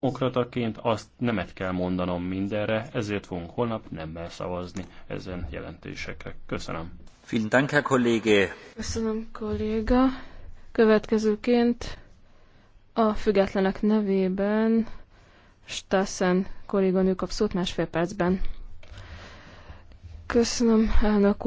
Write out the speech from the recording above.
demokrataként azt nemet kell mondanom mindenre, ezért fogunk holnap nemmel szavazni ezen jelentésekre. Köszönöm. Vielen Dank, Herr Kollege. Köszönöm, kolléga. Következőként a függetlenek nevében Stassen kolléganő kap szót másfél percben. Köszönöm, elnök úr.